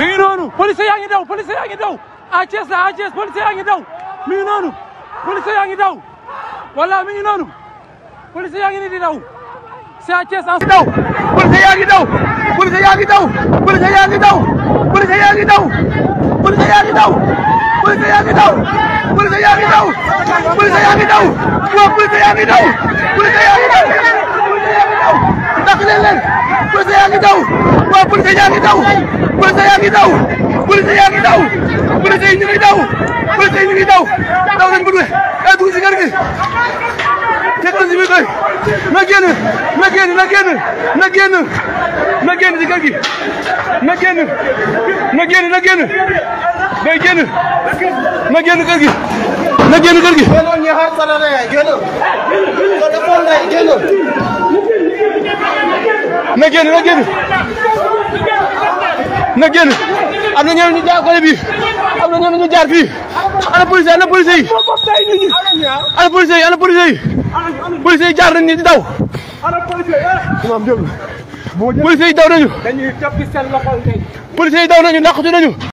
mi ngi noonu police yaa ngi daw police yaa ngi daw à Thiès la à Thiès police yaa ngi daw mi ngi noonu police yaa ngi daw wala mi ngi noonu police yaa ngi ni di daw c'est à Thiès en daw police yaa ngi daw police yaa ngi daw police yaa ngi daw police yaa ngi daw police yaa ngi daw police yaa ngi daw police yaa ngi daw police yaa ngi daw waaw police yaa ngi daw police yaa ngi daw police yaa ngi daw dàq leen leen police yaa ngi daw waaw police yaa ngi daw police yaa ngi yaa ngi daw police yi ñu ngi ngi daw daw na si biir kër na génn na génn na génn na na génn am na ñeneen ñu jàppale bi am na ñeneen ñu jaar fii ana police yi ana police yi ana police yi ana police yi police yi jaar nañ ni di daw imam déglu police yi daw nañu police yi daw nañu làqatu nañu